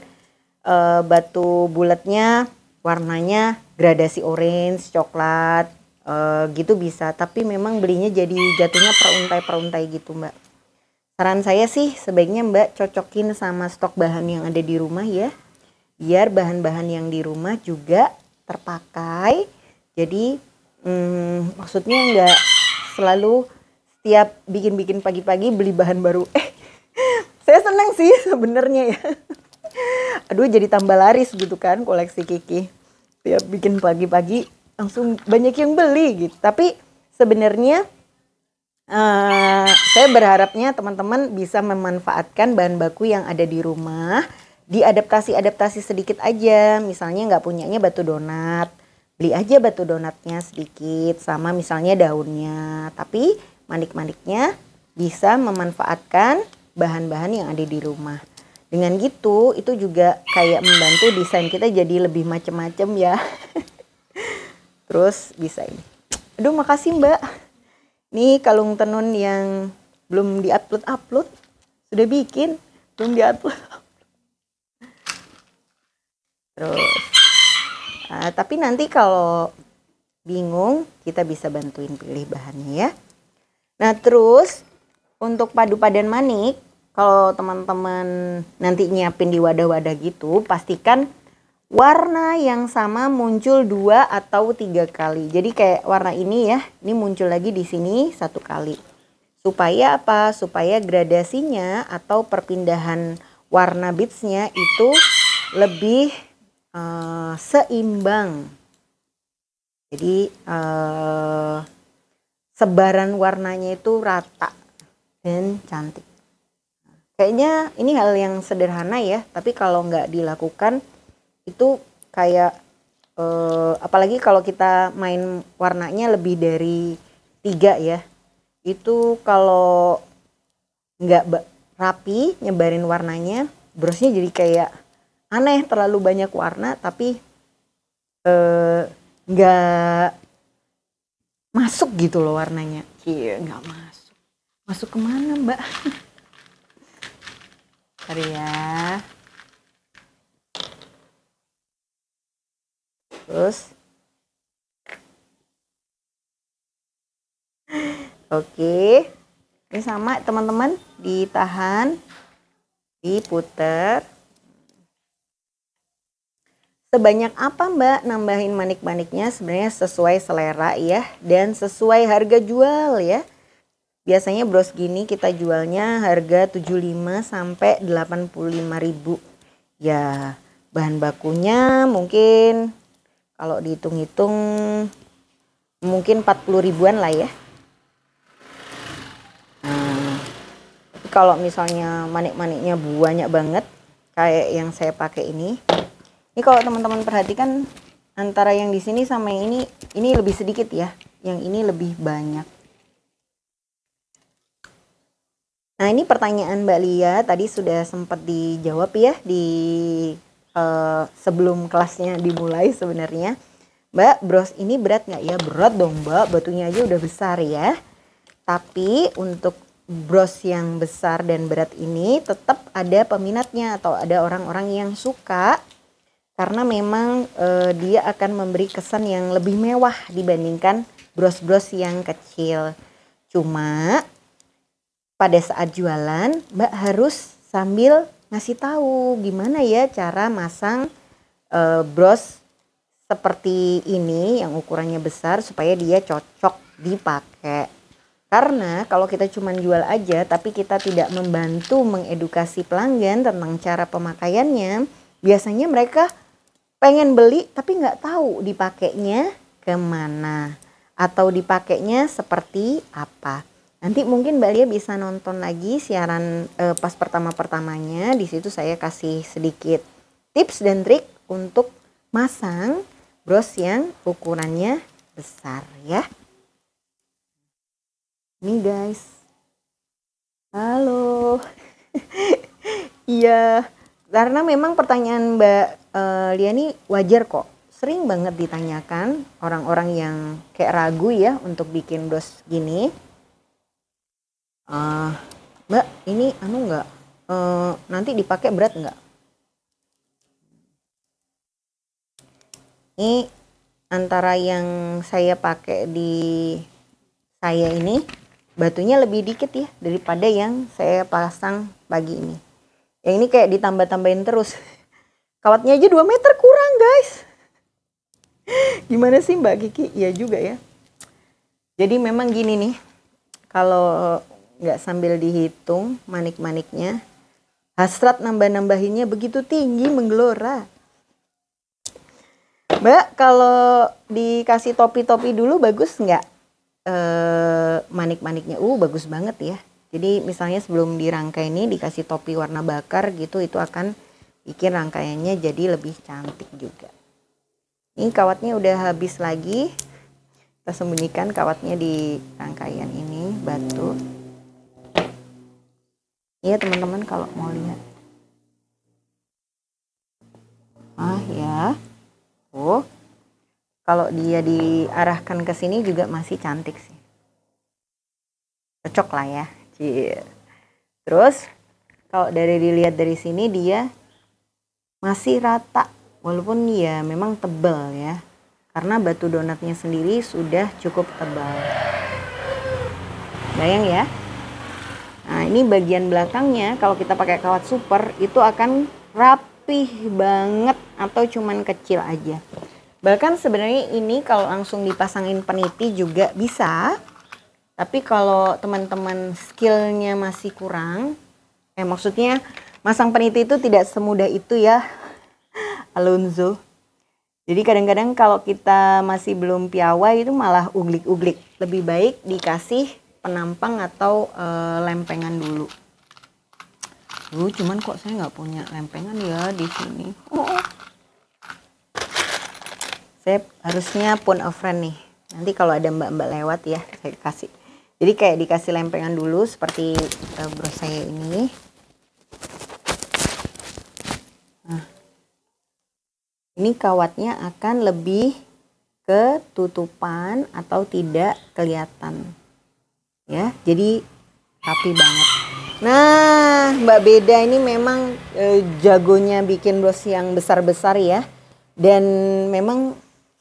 uh, batu bulatnya warnanya gradasi orange, coklat, uh, gitu bisa. Tapi memang belinya jadi jatuhnya peruntai-peruntai gitu Mbak. Saran saya sih sebaiknya Mbak cocokin sama stok bahan yang ada di rumah ya, biar bahan-bahan yang di rumah juga terpakai. Jadi hmm, maksudnya nggak selalu setiap bikin-bikin pagi-pagi beli bahan baru. [LAUGHS] Eh, saya seneng sih sebenarnya ya. [LAUGHS] Aduh jadi tambah laris gitu kan koleksi Kiki. setiap bikin pagi-pagi langsung banyak yang beli gitu. Tapi sebenarnya uh, saya berharapnya teman-teman bisa memanfaatkan bahan baku yang ada di rumah diadaptasi-adaptasi sedikit aja. Misalnya nggak punyanya batu donat, beli aja batu donatnya sedikit sama misalnya daunnya tapi manik-maniknya bisa memanfaatkan bahan-bahan yang ada di rumah dengan gitu itu juga kayak membantu desain kita jadi lebih macem-macem ya [LAUGHS] terus bisa ini aduh makasih mbak ini kalung tenun yang belum diupload upload sudah bikin belum diupload terus Uh, tapi nanti kalau bingung kita bisa bantuin pilih bahannya ya. Nah terus untuk padu padan manik kalau teman-teman nanti nyiapin di wadah-wadah gitu pastikan warna yang sama muncul dua atau tiga kali. Jadi kayak warna ini ya, ini muncul lagi di sini satu kali. Supaya apa? Supaya gradasinya atau perpindahan warna beadsnya itu lebih Eh, seimbang. Jadi uh, sebaran warnanya itu rata dan cantik. Kayaknya ini hal yang sederhana ya, tapi kalau nggak dilakukan itu kayak uh, apalagi kalau kita main warnanya lebih dari tiga ya, itu kalau nggak rapi nyebarin warnanya, brosnya jadi kayak aneh terlalu banyak warna tapi eh, nggak uh, masuk gitu loh warnanya iya nggak masuk masuk kemana mbak Bentar ya terus Oke. Ini sama teman-teman, ditahan, diputer. Sebanyak apa Mbak nambahin manik-maniknya sebenarnya sesuai selera ya dan sesuai harga jual ya. Biasanya bros gini kita jualnya harga 75 sampai 85 ribu. Ya bahan bakunya mungkin kalau dihitung-hitung mungkin 40 ribuan lah ya. Hmm. kalau misalnya manik-maniknya banyak banget kayak yang saya pakai ini ini kalau teman-teman perhatikan antara yang di sini sama yang ini ini lebih sedikit ya yang ini lebih banyak nah ini pertanyaan Mbak Lia tadi sudah sempat dijawab ya di eh, sebelum kelasnya dimulai sebenarnya Mbak bros ini berat nggak ya berat dong Mbak batunya aja udah besar ya tapi untuk bros yang besar dan berat ini tetap ada peminatnya atau ada orang-orang yang suka karena memang uh, dia akan memberi kesan yang lebih mewah dibandingkan bros-bros yang kecil. Cuma pada saat jualan Mbak harus sambil ngasih tahu gimana ya cara masang uh, bros seperti ini yang ukurannya besar supaya dia cocok dipakai. Karena kalau kita cuma jual aja tapi kita tidak membantu mengedukasi pelanggan tentang cara pemakaiannya, biasanya mereka pengen beli tapi nggak tahu dipakainya kemana atau dipakainya seperti apa. Nanti mungkin Mbak Lia bisa nonton lagi siaran eh, pas pertama-pertamanya. Di situ saya kasih sedikit tips dan trik untuk masang bros yang ukurannya besar ya. Nih guys. Halo. [LAUGHS] Iya, karena memang pertanyaan Mbak uh, eh, Liani wajar kok sering banget ditanyakan orang-orang yang kayak ragu ya untuk bikin dos gini uh, mbak ini anu nggak uh, nanti dipakai berat nggak ini antara yang saya pakai di saya ini batunya lebih dikit ya daripada yang saya pasang pagi ini yang ini kayak ditambah-tambahin terus [LAUGHS] kawatnya aja 2 meter kurang guys gimana sih Mbak Kiki iya juga ya jadi memang gini nih kalau nggak sambil dihitung manik-maniknya hasrat nambah-nambahinnya begitu tinggi menggelora Mbak, kalau dikasih topi-topi dulu bagus nggak? E, manik-maniknya, uh bagus banget ya. Jadi misalnya sebelum dirangkai ini dikasih topi warna bakar gitu, itu akan bikin rangkaiannya jadi lebih cantik juga ini kawatnya udah habis lagi kita sembunyikan kawatnya di rangkaian ini batu ya teman-teman kalau mau lihat ah ya oh kalau dia diarahkan ke sini juga masih cantik sih cocok lah ya Cie. terus kalau dari dilihat dari sini dia masih rata walaupun ya memang tebal ya karena batu donatnya sendiri sudah cukup tebal bayang ya nah ini bagian belakangnya kalau kita pakai kawat super itu akan rapih banget atau cuman kecil aja bahkan sebenarnya ini kalau langsung dipasangin peniti juga bisa tapi kalau teman-teman skillnya masih kurang eh maksudnya masang peniti itu tidak semudah itu ya [LAUGHS] Alonzo Jadi kadang-kadang kalau kita masih belum piawai itu malah uglik-uglik. Lebih baik dikasih penampang atau e, lempengan dulu. uh, cuman kok saya nggak punya lempengan ya di sini. Oh. Saya harusnya pun a friend nih. Nanti kalau ada mbak-mbak lewat ya saya kasih. Jadi kayak dikasih lempengan dulu seperti e, eh, bros saya ini. ini kawatnya akan lebih ketutupan atau tidak kelihatan ya jadi rapi banget nah Mbak Beda ini memang e, jagonya bikin bros yang besar-besar ya dan memang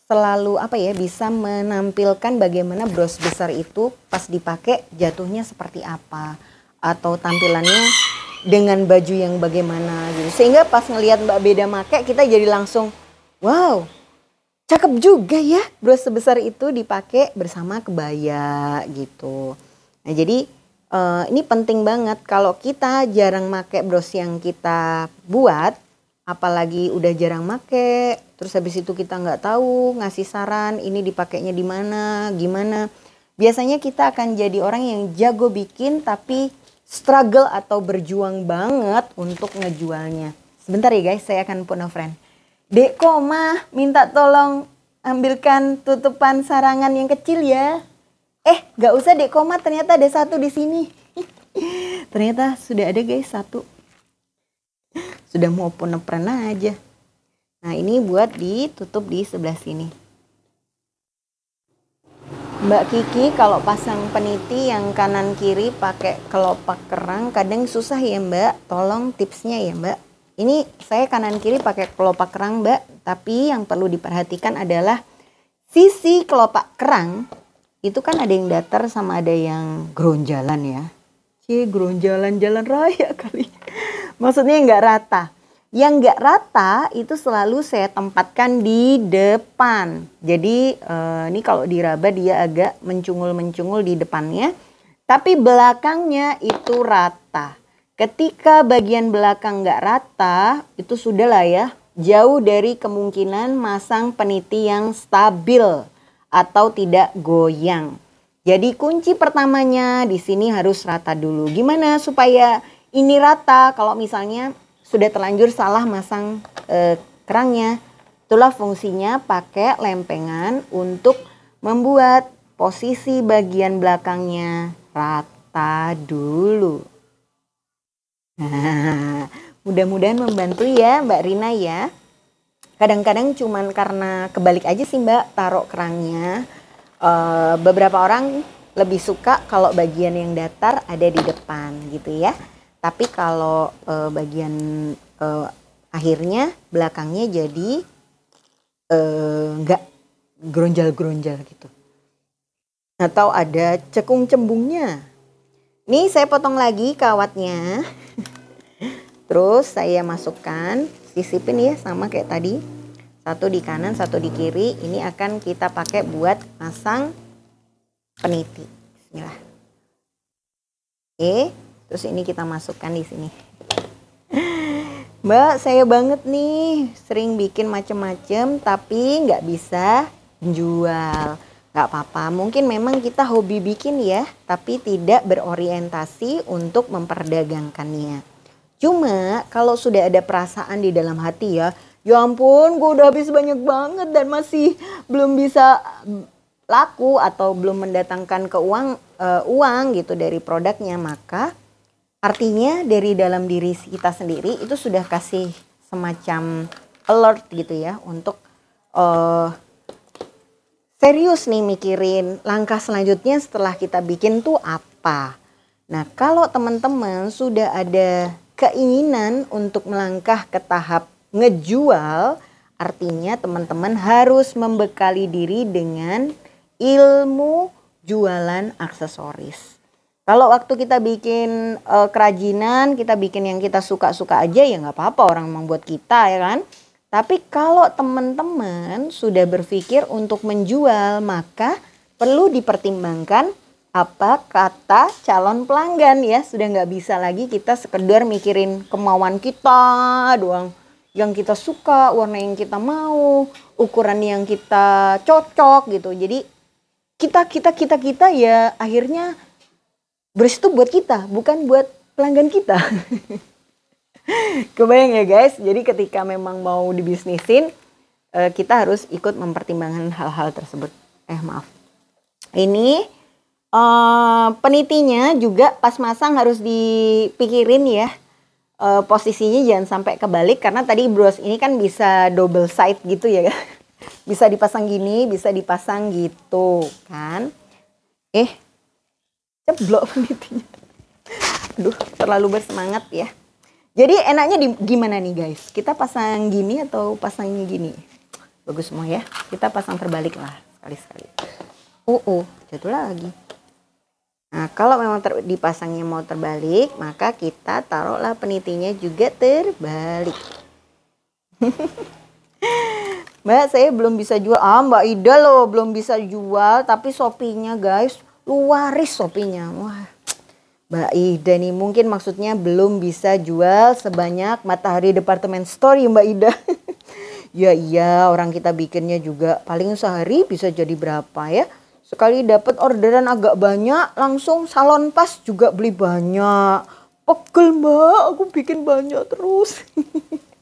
selalu apa ya bisa menampilkan bagaimana bros besar itu pas dipakai jatuhnya seperti apa atau tampilannya dengan baju yang bagaimana gitu sehingga pas ngelihat Mbak Beda make kita jadi langsung Wow, cakep juga ya bros sebesar itu dipakai bersama kebaya gitu. Nah jadi uh, ini penting banget kalau kita jarang make bros yang kita buat, apalagi udah jarang make, terus habis itu kita nggak tahu ngasih saran ini dipakainya di mana, gimana. Biasanya kita akan jadi orang yang jago bikin tapi struggle atau berjuang banget untuk ngejualnya. Sebentar ya guys, saya akan punya friend. Dek koma, minta tolong ambilkan tutupan sarangan yang kecil ya. Eh, gak usah dek koma, ternyata ada satu di sini. [LAUGHS] ternyata sudah ada guys, satu. Sudah mau penepren aja. Nah, ini buat ditutup di sebelah sini. Mbak Kiki kalau pasang peniti yang kanan kiri pakai kelopak kerang kadang susah ya Mbak. Tolong tipsnya ya Mbak. Ini saya kanan kiri pakai kelopak kerang mbak, tapi yang perlu diperhatikan adalah sisi kelopak kerang itu kan ada yang datar sama ada yang geronjalan ya. Cie geronjalan jalan raya [LAUGHS] kali. Maksudnya nggak rata. Yang nggak rata itu selalu saya tempatkan di depan. Jadi eh, ini kalau diraba dia agak mencungul-mencungul di depannya. Tapi belakangnya itu rata. Ketika bagian belakang nggak rata, itu sudah lah ya, jauh dari kemungkinan masang peniti yang stabil atau tidak goyang. Jadi kunci pertamanya di sini harus rata dulu. Gimana supaya ini rata kalau misalnya sudah terlanjur salah masang e, kerangnya? Itulah fungsinya pakai lempengan untuk membuat posisi bagian belakangnya rata dulu. [LAUGHS] mudah-mudahan membantu ya Mbak Rina ya. Kadang-kadang cuman karena kebalik aja sih Mbak taruh kerangnya. Uh, beberapa orang lebih suka kalau bagian yang datar ada di depan gitu ya. Tapi kalau uh, bagian uh, akhirnya belakangnya jadi nggak geronjal-geronjal gitu. Atau ada cekung cembungnya. Nih saya potong lagi kawatnya. Terus saya masukkan, sisipin ya sama kayak tadi. Satu di kanan, satu di kiri. Ini akan kita pakai buat pasang peniti. Bismillah. Oke, terus ini kita masukkan di sini. Mbak, saya banget nih sering bikin macem-macem tapi nggak bisa jual. Nggak apa-apa, mungkin memang kita hobi bikin ya, tapi tidak berorientasi untuk memperdagangkannya. Cuma kalau sudah ada perasaan di dalam hati ya, ya ampun gue udah habis banyak banget dan masih belum bisa mm, laku atau belum mendatangkan ke uang uh, uang gitu dari produknya, maka artinya dari dalam diri kita sendiri itu sudah kasih semacam alert gitu ya untuk uh, serius nih mikirin langkah selanjutnya setelah kita bikin tuh apa. Nah, kalau teman-teman sudah ada keinginan untuk melangkah ke tahap ngejual artinya teman-teman harus membekali diri dengan ilmu jualan aksesoris. Kalau waktu kita bikin e, kerajinan, kita bikin yang kita suka-suka aja ya nggak apa-apa orang membuat kita ya kan. Tapi kalau teman-teman sudah berpikir untuk menjual maka perlu dipertimbangkan apa kata calon pelanggan ya sudah nggak bisa lagi kita sekedar mikirin kemauan kita doang yang kita suka warna yang kita mau ukuran yang kita cocok gitu jadi kita kita kita kita ya akhirnya beres itu buat kita bukan buat pelanggan kita [LAUGHS] kebayang ya guys jadi ketika memang mau dibisnisin eh, kita harus ikut mempertimbangkan hal-hal tersebut eh maaf ini Eh, penitinya juga pas masang harus dipikirin ya uh, posisinya jangan sampai kebalik karena tadi bros ini kan bisa double side gitu ya [LAUGHS] bisa dipasang gini bisa dipasang gitu kan eh ceblok [LAUGHS] penitinya aduh terlalu bersemangat ya jadi enaknya di, gimana nih guys kita pasang gini atau pasangnya gini bagus semua ya kita pasang terbalik lah sekali-sekali uh -uh, jatuh lagi Nah, kalau memang ter, dipasangnya mau terbalik, maka kita taruhlah penitinya juga terbalik. [LAUGHS] Mbak, saya belum bisa jual. Ah, Mbak Ida loh, belum bisa jual. Tapi sopinya guys, luaris sopinya. Wah, Mbak Ida nih mungkin maksudnya belum bisa jual sebanyak Matahari Departemen Story ya, Mbak Ida. [LAUGHS] ya iya, orang kita bikinnya juga paling sehari bisa jadi berapa ya. Sekali dapat orderan agak banyak, langsung salon pas juga beli banyak. Pegel mbak, aku bikin banyak terus.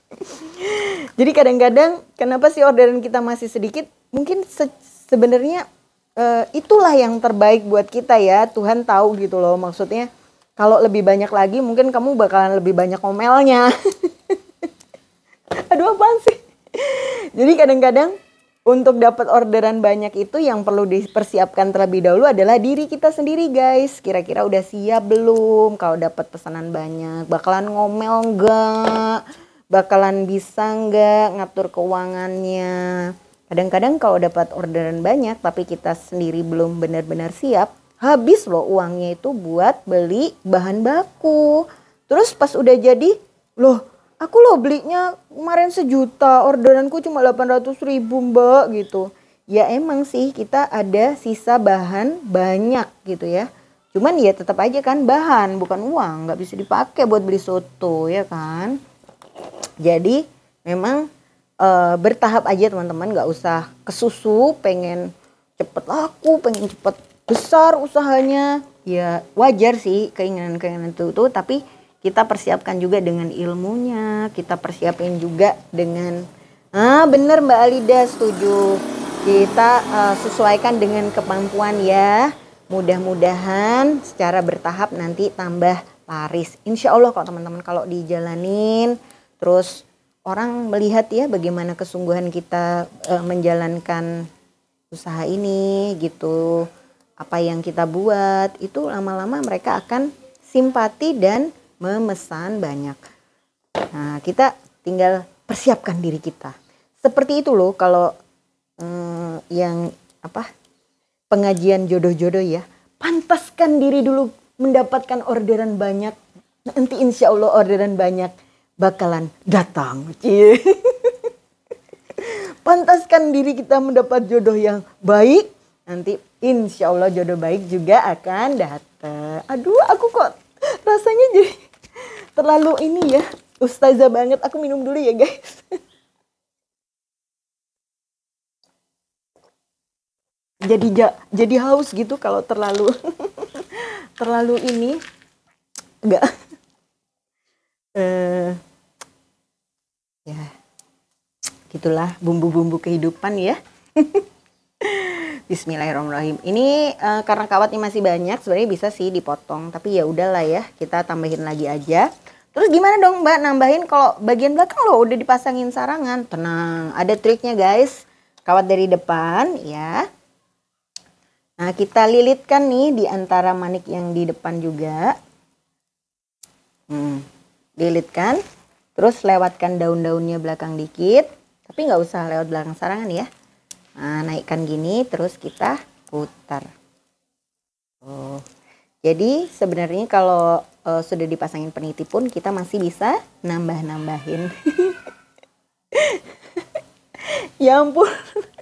[LAUGHS] Jadi kadang-kadang kenapa sih orderan kita masih sedikit? Mungkin se sebenarnya e, itulah yang terbaik buat kita ya. Tuhan tahu gitu loh maksudnya. Kalau lebih banyak lagi mungkin kamu bakalan lebih banyak omelnya. [LAUGHS] Aduh apaan sih? Jadi kadang-kadang untuk dapat orderan banyak itu yang perlu dipersiapkan terlebih dahulu adalah diri kita sendiri guys. Kira-kira udah siap belum kalau dapat pesanan banyak? Bakalan ngomel enggak? Bakalan bisa enggak ngatur keuangannya? Kadang-kadang kalau dapat orderan banyak tapi kita sendiri belum benar-benar siap, habis loh uangnya itu buat beli bahan baku. Terus pas udah jadi, loh aku loh belinya kemarin sejuta orderanku cuma 800 ribu mbak gitu ya emang sih kita ada sisa bahan banyak gitu ya cuman ya tetap aja kan bahan bukan uang nggak bisa dipakai buat beli soto ya kan jadi memang e, bertahap aja teman-teman nggak usah kesusu pengen cepet laku pengen cepet besar usahanya ya wajar sih keinginan-keinginan itu tuh tapi kita persiapkan juga dengan ilmunya, kita persiapin juga dengan ah bener Mbak Alida setuju. Kita uh, sesuaikan dengan kemampuan ya. Mudah-mudahan secara bertahap nanti tambah laris. Insya Allah kalau teman-teman kalau dijalanin terus orang melihat ya bagaimana kesungguhan kita uh, menjalankan usaha ini gitu apa yang kita buat itu lama-lama mereka akan simpati dan memesan banyak. Nah, kita tinggal persiapkan diri kita. Seperti itu loh kalau hmm, yang apa? pengajian jodoh-jodoh ya. Pantaskan diri dulu mendapatkan orderan banyak. Nanti insya Allah orderan banyak bakalan datang. Cie. [LAUGHS] Pantaskan diri kita mendapat jodoh yang baik. Nanti insya Allah jodoh baik juga akan datang. Aduh aku kok rasanya jadi terlalu ini ya ustazah banget aku minum dulu ya guys [LAUGHS] jadi ja, jadi haus gitu kalau terlalu [LAUGHS] terlalu ini enggak [LAUGHS] eh ya gitulah bumbu-bumbu kehidupan ya Bismillahirrahmanirrahim. Ini uh, karena kawatnya masih banyak, sebenarnya bisa sih dipotong, tapi ya udahlah ya, kita tambahin lagi aja. Terus gimana dong Mbak nambahin kalau bagian belakang loh udah dipasangin sarangan? Tenang, ada triknya guys. Kawat dari depan ya. Nah, kita lilitkan nih di antara manik yang di depan juga. Hmm, lilitkan. Terus lewatkan daun-daunnya belakang dikit. Tapi nggak usah lewat belakang sarangan ya. Nah, naikkan gini terus kita putar. Oh. Jadi sebenarnya kalau e, sudah dipasangin peniti pun kita masih bisa nambah-nambahin. [LAUGHS] ya ampun.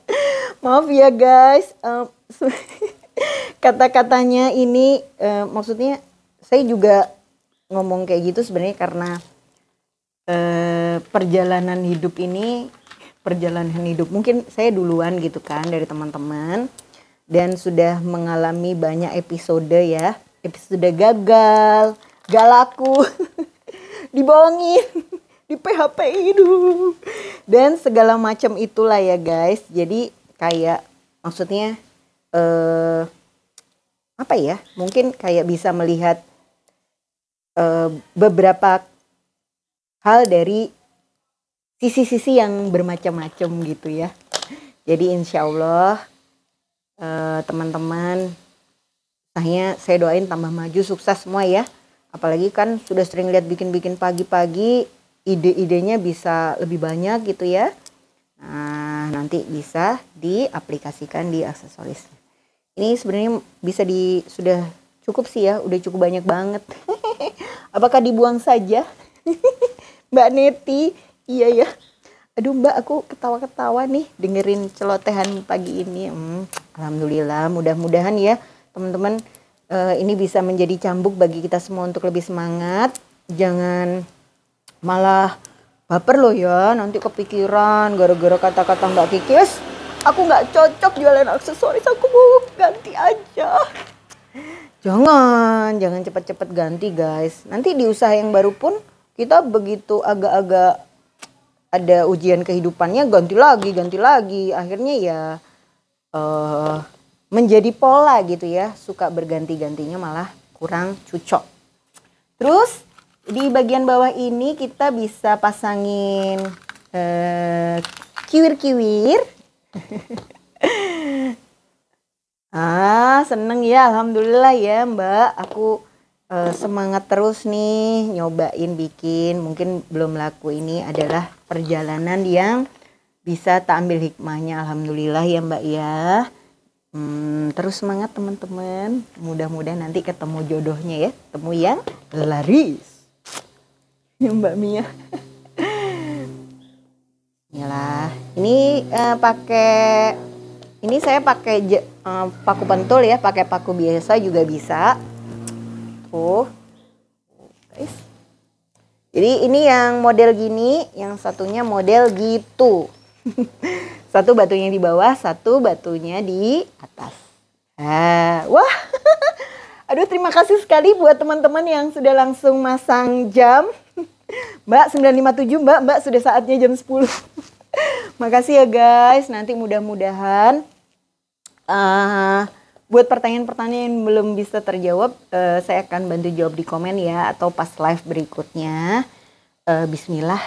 [LAUGHS] Maaf ya guys. Um, [LAUGHS] Kata-katanya ini e, maksudnya saya juga ngomong kayak gitu sebenarnya karena e, perjalanan hidup ini perjalanan hidup mungkin saya duluan gitu kan dari teman-teman dan sudah mengalami banyak episode ya episode gagal galaku [LAUGHS] dibohongin [LAUGHS] di PHP itu dan segala macam itulah ya guys jadi kayak maksudnya eh, apa ya mungkin kayak bisa melihat uh, beberapa hal dari sisi-sisi yang bermacam-macam gitu ya. Jadi insya Allah eh, teman-teman uh, saya saya doain tambah maju sukses semua ya. Apalagi kan sudah sering lihat bikin-bikin pagi-pagi ide-idenya bisa lebih banyak gitu ya. Nah, nanti bisa diaplikasikan di aksesoris. Ini sebenarnya bisa di sudah cukup sih ya, udah cukup banyak banget. [LAUGHS] Apakah dibuang saja? [LAUGHS] Mbak Neti, iya ya aduh mbak aku ketawa-ketawa nih dengerin celotehan pagi ini hmm, alhamdulillah mudah-mudahan ya teman-teman uh, ini bisa menjadi cambuk bagi kita semua untuk lebih semangat jangan malah baper loh ya nanti kepikiran gara-gara kata-kata Mbak kikis aku nggak cocok jualan aksesoris aku mau ganti aja jangan jangan cepat-cepat ganti guys nanti di usaha yang baru pun kita begitu agak-agak ada ujian kehidupannya ganti lagi ganti lagi akhirnya ya uh, menjadi pola gitu ya suka berganti-gantinya malah kurang cocok terus di bagian bawah ini kita bisa pasangin uh, kiwir-kiwir [LAUGHS] ah seneng ya alhamdulillah ya mbak aku uh, semangat terus nih nyobain bikin mungkin belum laku ini adalah perjalanan yang bisa tak ambil hikmahnya alhamdulillah ya mbak ya hmm, terus semangat teman-teman mudah-mudahan nanti ketemu jodohnya ya temu yang laris ya mbak Mia Inilah. [LAUGHS] Ini uh, pakai ini saya pakai uh, paku pentul ya, pakai paku biasa juga bisa. Tuh. Guys. Jadi ini yang model gini, yang satunya model gitu. [LAUGHS] satu batunya di bawah, satu batunya di atas. Nah, wah. [LAUGHS] Aduh terima kasih sekali buat teman-teman yang sudah langsung masang jam. [LAUGHS] Mbak 957 Mbak, Mbak sudah saatnya jam 10. Makasih ya guys, nanti mudah-mudahan uh, buat pertanyaan-pertanyaan yang belum bisa terjawab, uh, saya akan bantu jawab di komen ya atau pas live berikutnya. Uh, Bismillah,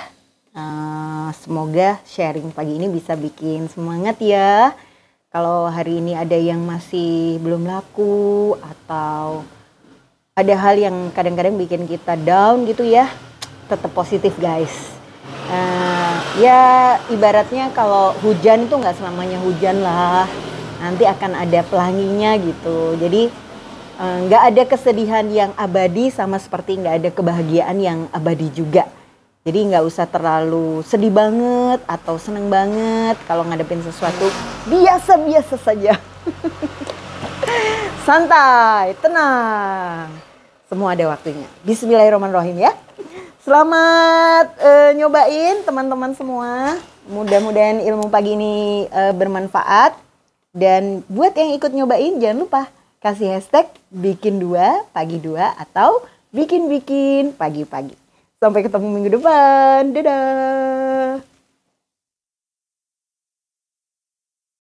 uh, semoga sharing pagi ini bisa bikin semangat ya. Kalau hari ini ada yang masih belum laku atau ada hal yang kadang-kadang bikin kita down gitu ya, tetap positif guys. Uh, ya ibaratnya kalau hujan itu nggak selamanya hujan lah nanti akan ada pelanginya gitu jadi eh, nggak ada kesedihan yang abadi sama seperti nggak ada kebahagiaan yang abadi juga jadi nggak usah terlalu sedih banget atau seneng banget kalau ngadepin sesuatu biasa-biasa saja [LAUGHS] santai tenang semua ada waktunya Bismillahirrahmanirrahim ya Selamat uh, nyobain teman-teman semua. Mudah-mudahan ilmu pagi ini uh, bermanfaat. Dan buat yang ikut nyobain jangan lupa kasih hashtag bikin dua pagi dua atau bikin bikin pagi pagi. Sampai ketemu minggu depan. Dadah.